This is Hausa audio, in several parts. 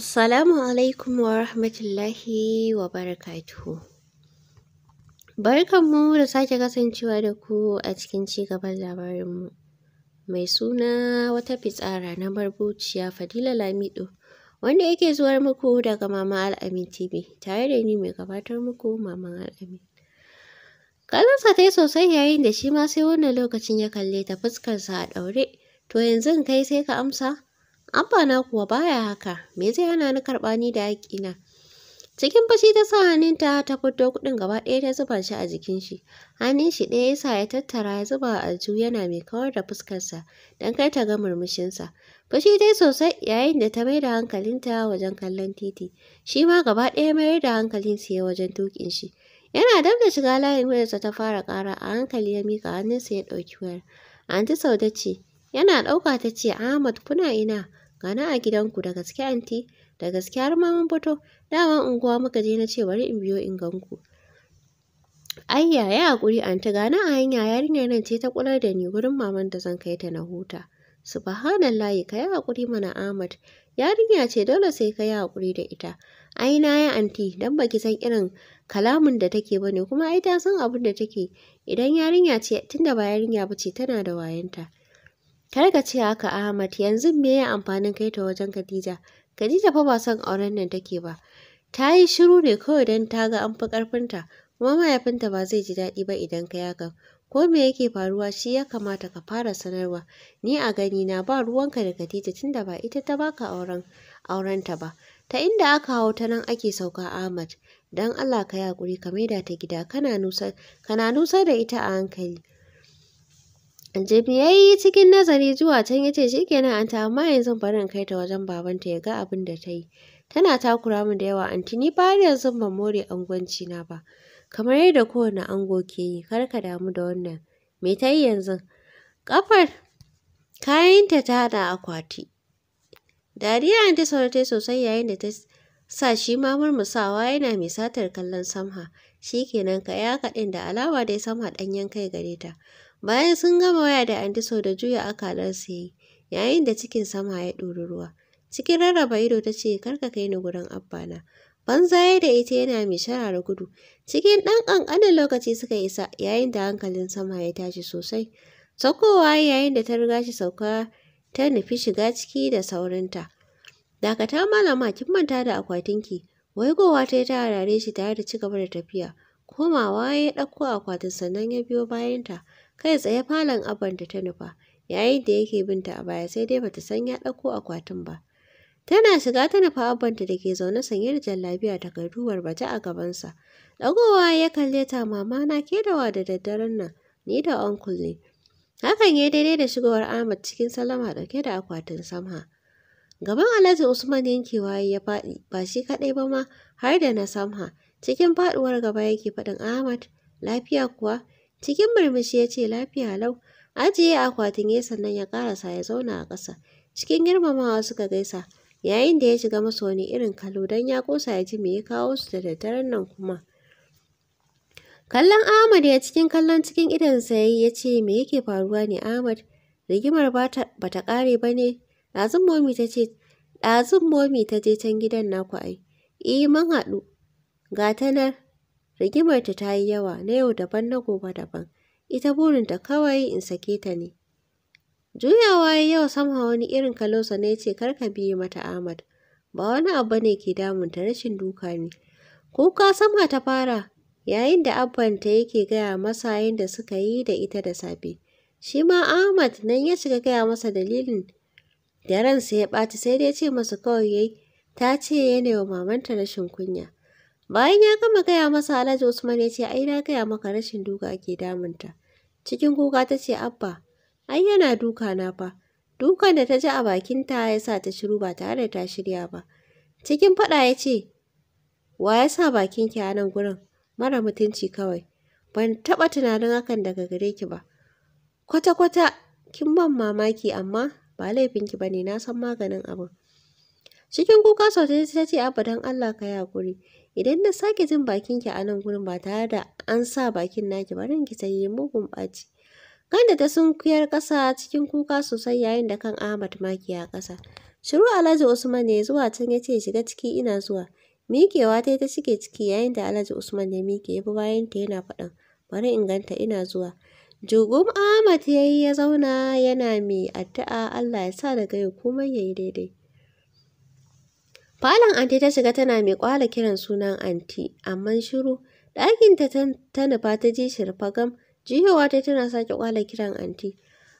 Assalamu alaikum wa rahmatullahi wa barakatuhu. Barkanmu da sake kasancewa da ku a cikin cigaban labarinmu. Mai suna wata fitsara na marbuciya Fadila Lamido, wanda yake zuwar muku daga Mama Al'amin TV, tare da ni mai gabatar muku Mama Al'amin. Kalansa ta yi sosai yayin da shi ma sai wannan lokacin ya kalle ta fuskarsa a ɗaure, to yanzu kai sai ka amsa? Abba na kuwa baya haka, me zai hana ni karɓa ni da haƙina? Cikin fushi ta sa hannunta ta fito kuɗin gaba ɗaya ta zuba shi a jikin shi. Hannun shi ɗaya yasa ya tattara ya zuba a aljihu yana mai kawar da fuskarsa don kai ta ga murmushinsa. Fushi dai sosai yayin da ta maida hankalinta wajen kallon titi. Shi ma gaba ɗaya ya mayar da hankalin ya wajen tuƙin shi. Yana dab da shiga layin wayarsa ta fara ƙara a hankali ya mika miƙa hannunsa ya ɗauki wayar. Anti Saude ce, yana ɗauka ta ce Ahmad kuna ina? gana a gidanku da gaske anti da gaske har ma mun fito dama unguwa muka je na ce bari in biyo in ganku ai ya hakuri anti gana a hanya yarinyar nan ce ta kular da ni gurin maman da zan kai ta na huta ka kai hakuri mana Ahmad yarinya ce dole sai kai hakuri da ita ai na ya anti dan baki san irin kalamin da take bane kuma ai ta san abin da take idan yarinya ce tunda ba yarinya bace tana da wayanta Kar ka ce haka Ahmad yanzu me ya amfanin kai ta wajen Khadija? Khadija fa ba son auren nan take ba. Ta yi shiru ne kawai don ta ga an fi ƙarfinta, kuma mahaifinta ba zai ji daɗi ba idan ka yakan. Ko me yake faruwa shi ya kamata ka fara sanarwa. Ni a gani na ba ruwanka da Khadija tunda ba ita ta baka auren aurenta ba. Ta inda aka hau ta nan ake sauka Ahmad. Dan Allah ka yi hakuri ka maida ta gida kana nusa kana nusa da ita a hankali. Jibi ya yi cikin nazari zuwa can ya ce shi kenan anta amma yanzu bari in kai ta wajen babanta ya ga abin da ta yi. Tana takura min da yawa anti ni ba har yanzu ban more angwanci na ba. Kamar yadda kowane ango ke yi kar ka damu da wannan. Me ta yi yanzu? Kafar kayanta ta hada akwati. Dariya anti sauratai sosai yayin da ta sa shi ma murmusawa yana mai satar kallon Samha. Shi kenan ka ya kaɗin da alawa dai sama ɗanyen kai gare ta. Bayan sun gama waya da Antiso da juya su yayi, yayin da cikin sama ya ɗori ruwa. Cikin rarraba ido ta ce, Karka kai ni gurin abbana. Banza ya da ita yana mai shara gudu. Cikin ɗan ƙanƙanin lokaci suka isa, yayin da hankalin sama ya tashi sosai. Saukowa yayin da ta riga shi sauka ta nufi shiga ciki da saurinta. Dakata malama kin manta da akwatinki. Wai Waigowa ta yi ta harare shi tare da cigaba da tafiya. Komawa ya ɗauko akwatin sannan ya biyo bayanta. Kai tsaye falon abanta ta nufa, yayin da yake binta a baya sai dai bata san ya ɗauko akwatin ba. Tana shiga ta nufa abbanta da ke zaune sanye da jallabiya takardu barbaje a gabansa. Ɗagowa ya kalle ta mama na ke da wa daddaren nan, ni da uncle ne. Hakan ya daidai da shigowar Ahmad cikin salama ɗauke da akwatin samha. Gaban Alhaji Usman yankewa ya faɗi ba shi kaɗai ba ma har da na samha. Cikin faɗuwar gaba yake faɗin Ahmad lafiya kuwa cikin murmushi ya ce lafiya lau. Ajiye akwatin ya sannan ya ƙarasa ya zauna a ƙasa. Cikin girmamawa suka gaisa yayin da ya shiga masa wani irin kalo don ya ƙosa ya ji me ya kawo su da daddaren nan kuma. Kallon Ahmad ya cikin kallon cikin idonsa ya yi ya ce me yake faruwa ne Ahmad rigimar ba ta ƙare ba ne Ɗazun momi ta ce, ɗazun momi ta je can gidan naku ai. E, man haɗu. Ga ta nan, rigimarta ta yi yawa na yau daban na gobe daban. Ita burin burinta kawai in sake ta ne. Juyawa ya yau samha wani irin kalosa ne ce kar ka biye mata Ahmad. Ba wani abu ne ke ta rashin duka ne. Kuka sama ta fara yayin da abbanta yake gaya masa yadda suka yi da ita da safe. Shi ma Ahmad nan ya shiga gaya masa dalilin da ransa ya ɓaci sai dai ce masa kawai yayi ta ce yana wa mamanta rashin kunya bayan ya gama gaya masa alhaji usman ya ce ai na gaya maka rashin duka ake damunta cikin kuka ta ce abba ai yana duka na fa dukan da ta ji a bakinta ya sa ta shiru ba tare da ta shirya ba cikin faɗa ya ce wa ya sa bakinki a nan gurin mara mutunci kawai ban taɓa tunanin hakan daga gare ki ba kwata-kwata kin ban mamaki amma ba laifinki ba ne na san maganin abin cikin kuka sosai ta ce abba don allah ka yi hakuri idan na sake jin bakinki a nan gurin ba tare da an sa bakin naki ba ranki ta yi mugun ɓaci Kanda ta kuyar ƙasa cikin kuka sosai yayin da kan Ahmad maki a ƙasa. Shiru Alhaji Usman ne zuwa can ya ce shiga ciki ina zuwa. Miƙewa ta yi ta shige ciki yayin da Alhaji Usman ya miƙe ya bi bayanta yana faɗan bari in ganta ina zuwa. Jugum Ahmad ya ya zauna yana mai addu'a Allah ya sa daga yau kuma ya yi daidai. Falon anti ta shiga tana mai kwala kiran sunan anti, amma shiru, ɗakinta ta nufa ta ji shirfa gam, jiyowa ta tana sake kwala kiran anti.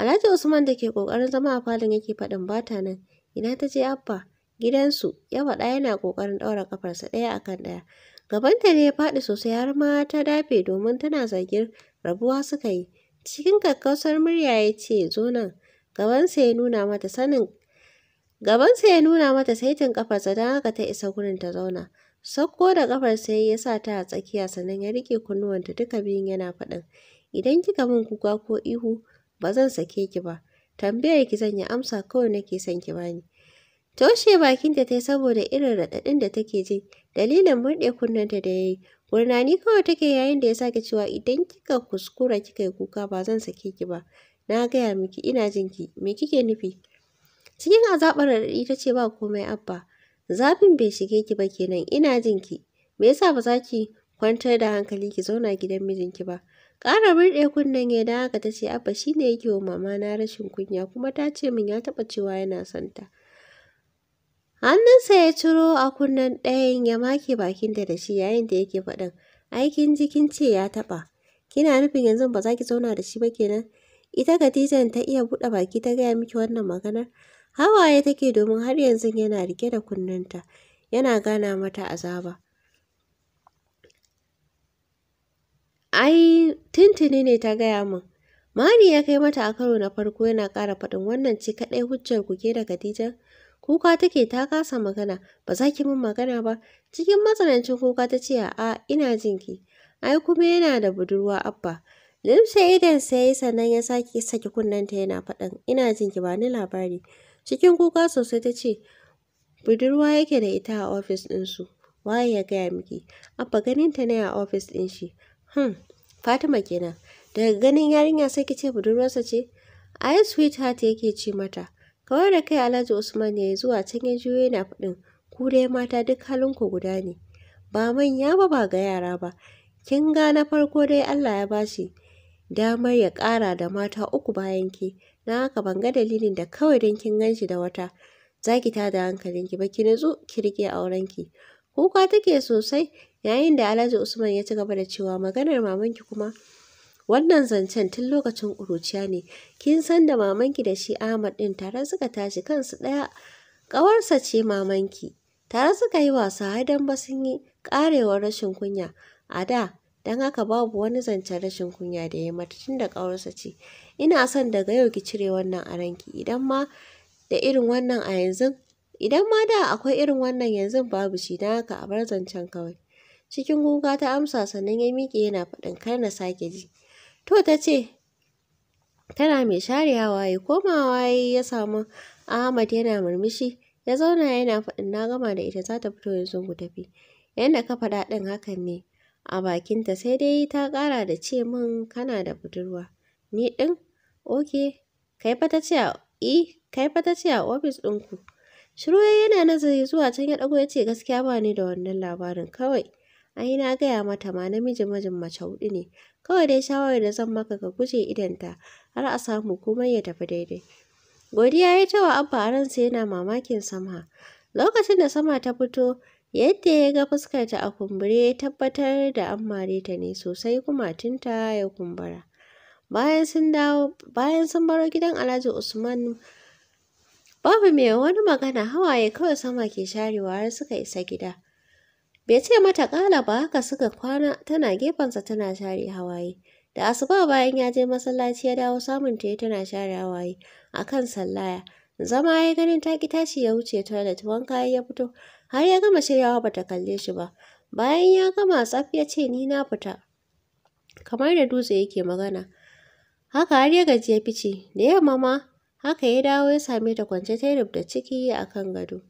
Alhaji Usman da ke ƙoƙarin zama a falon yake faɗin bata nan, ina ta je abba, gidansu, ya faɗa yana ƙoƙarin ɗaura kafarsa ɗaya a kan ɗaya. Gabanta ne ya faɗi sosai har ma ta dafe domin tana zargin rabuwa suka yi. Cikin kakkausar murya ya ce, zo nan, gabansa ya nuna mata sanin ya nuna mata saitin kafarsa don haka ta isa gurin ta zauna. sauko da kafar sai ya sa ta a tsakiya sannan ya rike kunnuwanta duka biyun yana faɗin. Idan kika min kuka ko ihu ba zan sake ki ba. Tambayar ki zan yi amsa kawai nake son ki bani. Toshe bakinta ta yi saboda irin raɗaɗin da take ji dalilin murɗe kunnenta da ya yi ni kawai take yayin da ya sake cewa idan kika kuskura kika yi kuka ba zan sake ki ba. Na gaya miki ina jin ki me kike nufi? Cikin azabar raɗaɗi ta ce ba komai abba. Zafin bai shige ki ba kenan ina jin ki. Me yasa ba za ki kwantar da hankali ki zauna gidan mijinki ba? Ƙara burɗe kunnen ya da haka tace ce abba shine yake wa mama na rashin kunya kuma ta ce min ya taɓa cewa yana santa. hannunsa ya ciro a kunnen ɗayan ya make bakinta da shi yayin da yake faɗin aikin jikin ce ya taɓa kina nufin yanzu ba za ki zauna da shi ba kenan ita Khadijan ta iya buɗe baki ta gaya miki wannan maganar hawaye take domin har yanzu yana rike da kunnenta yana gana mata azaba ai tintini ne ta gaya min mari ya kai mata a karo na farko yana ƙara faɗin wannan ce kaɗai hujjar ku ke da Khadijan kuka take ta kasa magana ba za ki min magana ba cikin matsanancin kuka ta ce 'A ina jin ki ai kuma yana da budurwa abba Limsa idan sai sannan ya sake saki kunnanta yana faɗan ina jin ki ba ni labari cikin kuka sosai ta ce budurwa yake da ita a ofis ɗinsu waye ya gaya miki abba ganin ta ne a ofis ɗin shi hmm fatima kenan daga ganin yarinya sai ki ce budurwarsa ce ai sweetheart yake ce mata Kawar da kai Alhaji Usman ya yi zuwa can ya juyo yana faɗin ku dai mata duk halinku guda ne. Ba manya ba ba ga yara ba. Kin ga na farko dai Allah ya bashi damar ya ƙara da mata uku bayan ki. Na haka ban ga dalilin da kawai don kin ganshi da wata. Za ki tada ki, ba ki nutsu ki rike aurenki. Kuka take sosai yayin da Alhaji Usman ya ci gaba da cewa maganar mamanki kuma Wannan zancen tun lokacin ƙuruciya ne, kin san da mamanki da shi Ahmad ɗin tare suka tashi kansu ɗaya, ƙawarsa ce mamanki. Tare suka yi wasa har ba sun yi ƙarewar rashin kunya. A da, don haka babu wani zancen rashin kunya da ya mata tun da ƙawarsa ce. Ina son daga yau ki cire wannan a ranki, idan ma da irin wannan a yanzu, idan ma da akwai irin wannan yanzu babu shi, don haka a bar zancen kawai. Cikin kuka ta amsa sannan ya miƙe yana faɗin kar na sake ji. To ta ce, tana mai share hawaye, komawa ya samu Ahmad yana murmushi, ya zauna yana faɗin na gama da ita za ta fito yanzu ku tafi. Yanda ka faɗa ɗin hakan ne a bakinta sai dai ta ƙara da ce min kana da budurwa. Ni ɗin? Oke, e, kai fa ta ce a ofis ɗinku. Shiru yana nazari zuwa can ya ɗago ya ce gaskiya ba ni da wannan labarin kawai. Ai na gaya mata ma namiji majin mace huɗu ne, Kawai dai shawarar da zan maka ka guje idonta har a samu komai ya tafi daidai. Godiya ya ta wa Abba a ransa yana mamakin sama. Lokacin da sama ta fito, yadda ya ga fuskarta a kumbure ya tabbatar da an mare ta ne sosai kuma tinta ya kumbura. Bayan sun bayan sun baro gidan Alhaji Usman Babu mai wani magana hawaye kawai sama ke sharewa har suka isa gida. Bai ce mata kala ba haka suka kwana tana gefensa tana share hawaye. Da asuba bayan ya je masallaci ya dawo samun ta tana share hawaye Akan kan sallaya. Zama ya ganin ta ki tashi ya wuce toilet wanka ya fito har ya gama shiryawa bata kalle shi ba. Bayan ya gama tsaf ya ce ni na fita. Kamar da dutse yake magana. Haka har ya gaji ya fice da yamma ma haka ya dawo ya same ta kwance ta da ciki akan gado.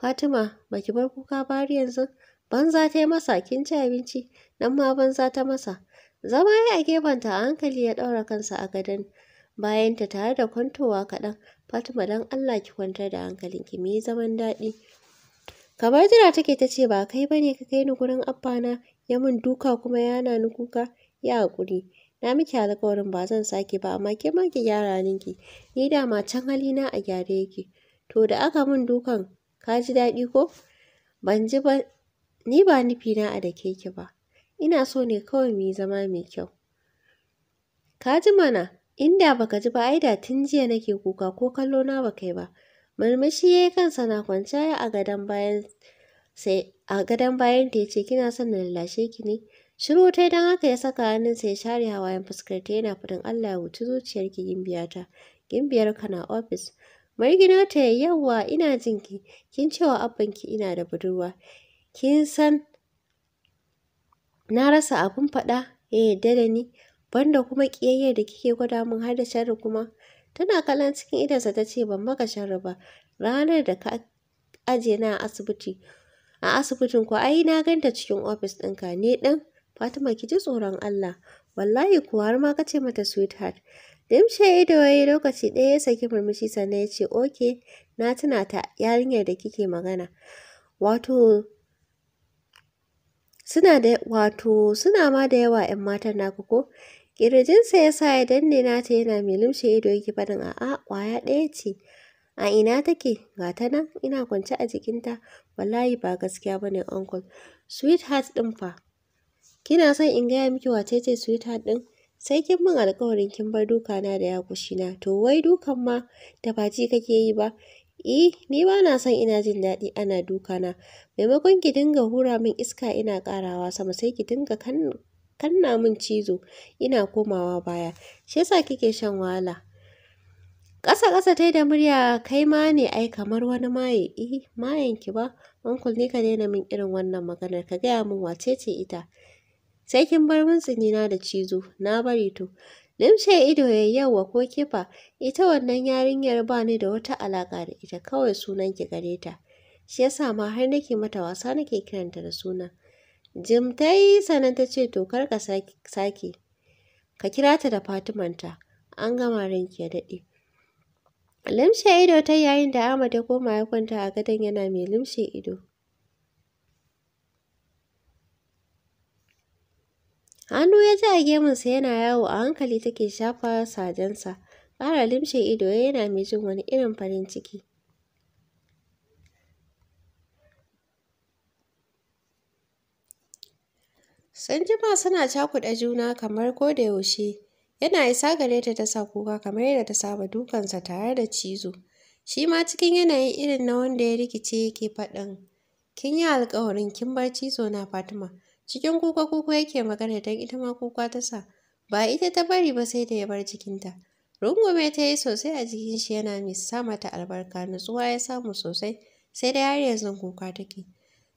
Fatima baki bar kuka ba yanzu? banza ta yi masa kin ci abinci nan ma banza ta masa zama ya a gefenta a hankali ya ɗaura kansa a gadon bayanta tare da kwantowa kaɗan fatima don allah ki kwantar da ki, mu yi zaman daɗi kamar jira take ta ce ba kai bane ka kai ni gurin na ya min duka kuma yana ni kuka ya haƙuri na miki alƙawarin ba zan sake ba amma ke ma ki gyara ninki ni da ma can na a gyare yake to da aka min dukan ka ji daɗi ko ban ji ba Ni ba nufina a da ki ba, ina so ne kawai mu yi zama mai kyau. Ka ji mana, inda baka ji ba ai da tun jiya nake kuka ko kallo na ba kai ba. Murmushi ya yi kansa na kwanciya a gadon bayan sai a gadon bayan ta yace kina son na lallashe ki ne. Shiru ta don haka ya saka hannunsa ya share hawayen fuskar ta yana fadin Allah ya wuce zuciyarki gimbiyata. ka na ofis. Margina ta yawwa ina ki. kin cewa abbanki ina da budurwa. kin san na rasa abin faɗa ya yadda da ni banda kuma ƙiyayyar da kike gwada min har da sharri kuma tana kallon cikin idonsa ta ce ban maka sharri ba ranar da ka aje na a asibiti a asibitin ko ai na ganta cikin ofis ɗinka ne ɗin Fatima ki ji tsoron Allah wallahi kuwa har ma kace mata sweetheart Dimshe ido yayi lokaci ɗaya ya saki murmushi sannan ya ce okay na tuna ta yarinyar da kike magana wato suna da wato suna ma da yawa 'yan matan naku ko ƙirjinsa ya sa ya danne nata yana mai lumshe ido yake fadin a'a ƙwaya ɗaya ce a ina take ga ta nan ina kwance a jikinta wallahi ba gaskiya ba ne, uncle sweetheart ɗin fa kina son in gaya miki wace ce sweetheart ɗin sai kin min alkawarin kin bar dukana da ya yakushina to wai dukan ma da baci kake yi ba Eh, ni ba na son ina jin daɗi ana dukana. Maimakon ki dinga hura min iska ina ƙarawa sama sai ki dinga kanna min cizo ina komawa baya. Shi yasa kike shan wahala. Ƙasa ƙasa tai da murya kai ma ne ai kamar wani maye. Eh, mayen ki ba. Uncle ne ka daina min irin wannan maganar ka gaya min wace ce ita. Sai kin bar min tsinina da cizo. Na bari to. Limce ido ya yawa ko kifa, ita wannan yarinyar ba ni da wata alaƙa da ita kawai sunan ki gare ta. Shi yasa ma har nake mata wasa nake kiranta da suna. Jim ta yi sannan ta ce to kar ka sake, ka kira ta da Fatimanta, an gama ranki ya daɗe. Limshe ido ta yayin da Ahmad ya koma ya kwanta a gadon yana mai limshe ido. Hannu ya ji a gemunsa yana yawo a hankali take shafa sajensa. Ƙara limshe ido yana mai jin wani irin farin ciki. Sun jima suna cakuɗa juna kamar ko da yaushe. Yana isa gare ta ta sa kuka kamar yadda ta saba dukansa tare da cizo. Shi ma cikin yanayin irin na wanda ya rikice yake faɗin. Kin yi alƙawarin kin bar cizo na Fatima. Cikin kuka kuka yake magana don ita ma kuka ta sa. Ba ita ta bari ba sai da ya bar jikinta. Rungume ta yi sosai a jikin shi yana mai sa mata albarka nutsuwa ya samu sosai sai da har yanzu kuka take.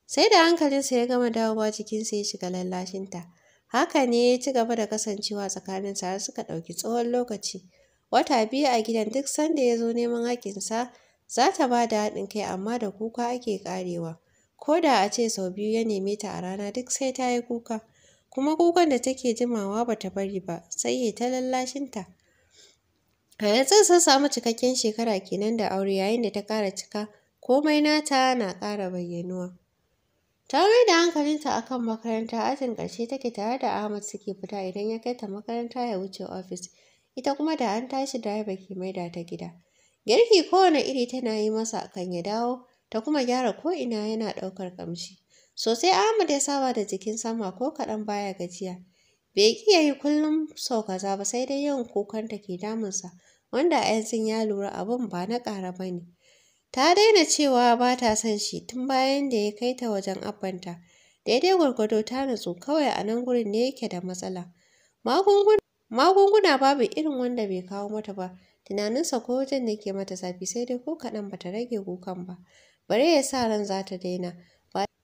Sai da hankalinsa ya gama dawowa jikinsa ya shiga lallashinta. Haka ne ya ci gaba da kasancewa tsakanin har suka ɗauki tsawon lokaci. Wata biyu a gidan duk sanda ya zo neman hakinsa, za ta ba da haɗin kai amma da kuka ake ƙarewa. ko da a ce sau biyu ya neme ta a rana duk sai ta yi kuka kuma kukan da take jimawa ba ta bari ba sai ya ta lallashinta a yanzu sun samu cikakken shekara kenan da aure yayin da ta ƙara cika komai nata na ƙara bayyanuwa ta mai da hankalinta kan makaranta ajin ƙarshe take tare da ahmad suke fita idan ya kai ta makaranta ya wuce ofis ita kuma da an tashi da ke maida ta gida girki kowane iri tana yi masa kan ya dawo ta kuma gyara ko'ina yana ɗaukar kamshi. Sosai Ahmad ya saba da jikin sama ko kaɗan baya gajiya. Bai ƙi ya yi kullum sau kaza ba sai dai yawan kukan ta ke damunsa, wanda a yanzu ya lura abun ba na ƙara ba ne. Ta daina cewa ba ta son shi tun bayan da ya kai ta wajen abbanta. Daidai gwargwado ta nutsu, kawai a nan gurin ne yake da matsala. Magunguna babu irin wanda bai kawo mata ba, tunaninsa ko wajen da ke mata zafi sai dai ko kaɗan ba ta rage kukan ba. bare ya sa ran za ta daina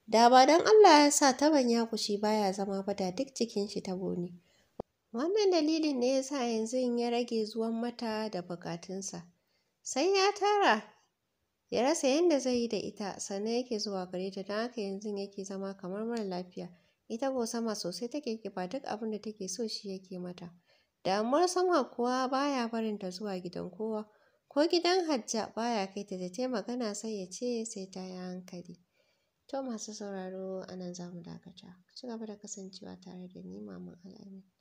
da ba don Allah ya sa ban ya kushi baya zama ba da duk cikin shi ta boni wannan dalilin ne ya sa yanzu ya rage zuwan mata da bukatunsa sai ya tara ya rasa yadda zai yi da ita sannan yake zuwa gare ta don haka yanzu yake zama kamar mara lafiya ita ko sama sosai take ba duk abin da take so shi yake mata damuwar sama kuwa baya barin ta zuwa gidan kowa ko gidan hajja baya kai ta da tai magana sai ya ce sai ta yi hankali to masu sauraro anan nan za mu dakata ci gaba da kasancewa tare da ni maman al'amin